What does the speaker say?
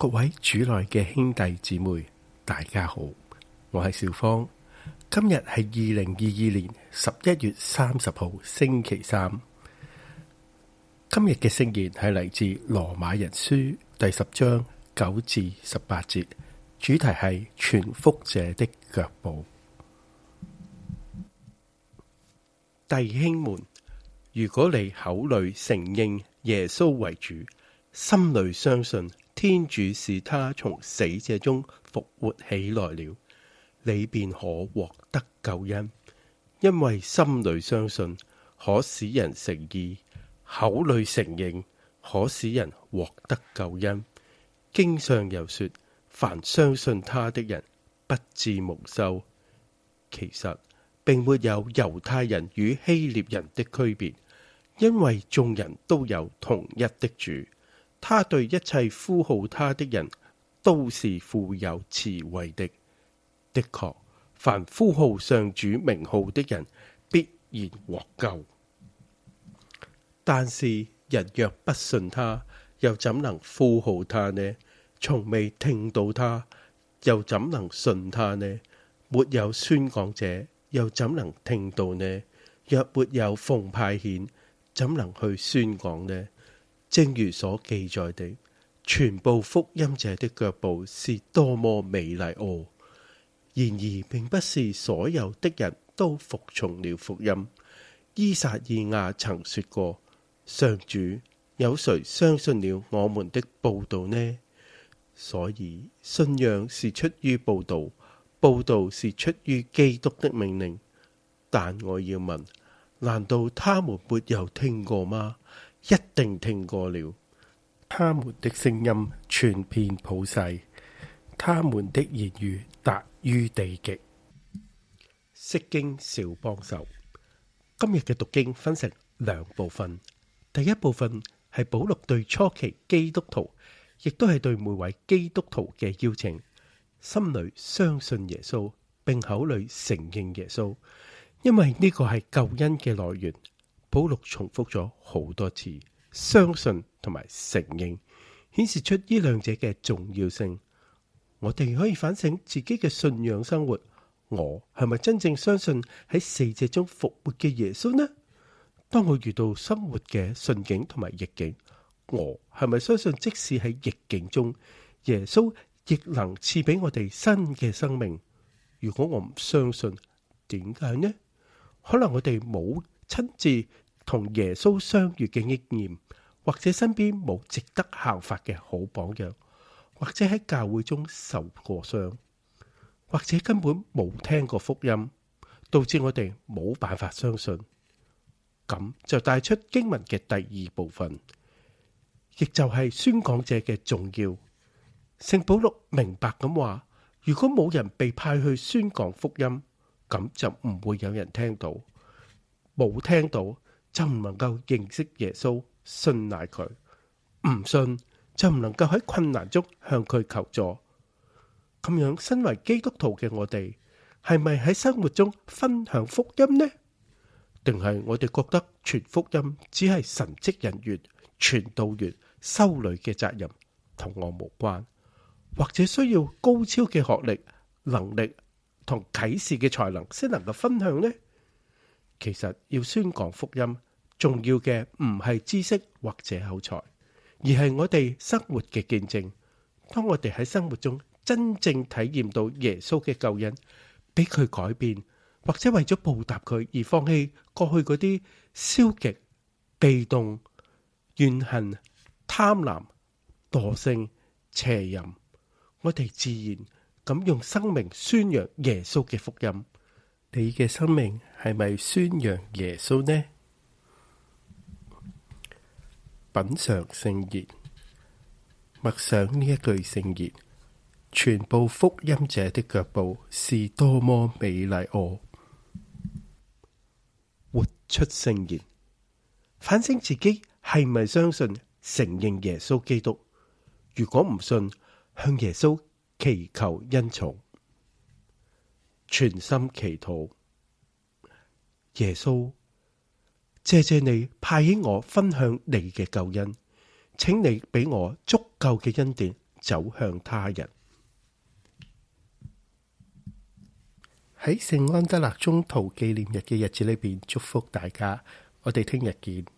各位主內嘅兄弟姊妹，大家好，我係小芳。今日係二零二二年十一月三十號，星期三。今日嘅聖言係嚟自羅馬人書第十章九至十八節，主題係傳福者的腳步。弟兄們，如果你口裏承認耶穌為主，心裏相信。天主使他從死者中復活起來了，你便可獲得救恩，因為心裏相信可使人成義，口裏承認可使人獲得救恩。經上又說，凡相信他的人不致蒙羞。其實，並沒有猶太人與希臘人的區別，因為眾人都有同一的主。他對一切呼號他的人都是富有慈惠的，的確，凡呼號上主名號的人必然獲救。但是人若不信他，又怎能呼號他呢？從未聽到他，又怎能信他呢？沒有宣講者，又怎能聽到呢？若沒有奉派遣，怎能去宣講呢？正如所記載的，傳佈福音者的腳步是多麼美麗哦！然而，並不是所有的人都服從了福音。依撒意亞曾說過：上主，有誰相信了我們的報道呢？所以，信仰是出於報道，報道是出於基督的命令。但我要問：難道他們沒有聽過嗎？一定聽過了，他們的聲音傳遍普世，他們的言語達於地極。釋經小幫手，今日嘅讀經分成兩部分，第一部分係保祿對初期基督徒，亦都係對每位基督徒嘅邀請，心裏相信耶穌，並口裏承認耶穌，因為呢個係救恩嘅來源。保羅重複咗好多次，相信同埋承認，顯示出呢兩者嘅重要性。我哋可以反省自己嘅信仰生活，我係咪真正相信喺死者中復活嘅耶穌呢？當我遇到生活嘅順境同埋逆境，我係咪相信即使喺逆境中，耶穌亦能賜俾我哋新嘅生命？如果我唔相信，點解呢？可能我哋冇。親自同耶穌相遇嘅經驗，或者身邊冇值得效法嘅好榜樣，或者喺教會中受過傷，或者根本冇聽過福音，導致我哋冇辦法相信。咁就帶出經文嘅第二部分，亦就係宣講者嘅重要。聖保祿明白咁話：如果冇人被派去宣講福音，咁就唔會有人聽到。冇聽到就唔能夠認識耶穌，信賴佢；唔信就唔能夠喺困難中向佢求助。咁樣身為基督徒嘅我哋，係咪喺生活中分享福音呢？定係我哋覺得傳福音只係神職人員、傳道員、修女嘅責任，同我無關？或者需要高超嘅學歷、能力同啟示嘅才能先能夠分享呢？其實要宣講福音，重要嘅唔係知識或者口才，而係我哋生活嘅見證。當我哋喺生活中真正體驗到耶穌嘅救恩，俾佢改變，或者為咗報答佢而放棄過去嗰啲消極、被動、怨恨、貪婪、惰、惰性、邪淫，我哋自然咁用生命宣揚耶穌嘅福音。你嘅生命係咪宣揚耶穌呢？品嚐聖言，默想呢一句聖言，傳佈福音者的腳步是多麼美麗哦！活出聖言，反省自己係咪相信承認耶穌基督？如果唔信，向耶穌祈求恩寵。全心祈禱，耶穌，謝謝你派遣我分享你嘅救恩，請你俾我足夠嘅恩典走向他人。喺聖安德肋中途紀念日嘅日子裏邊，祝福大家，我哋聽日見。